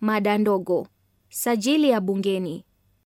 Mada ndogo. Sajili ya bungeni.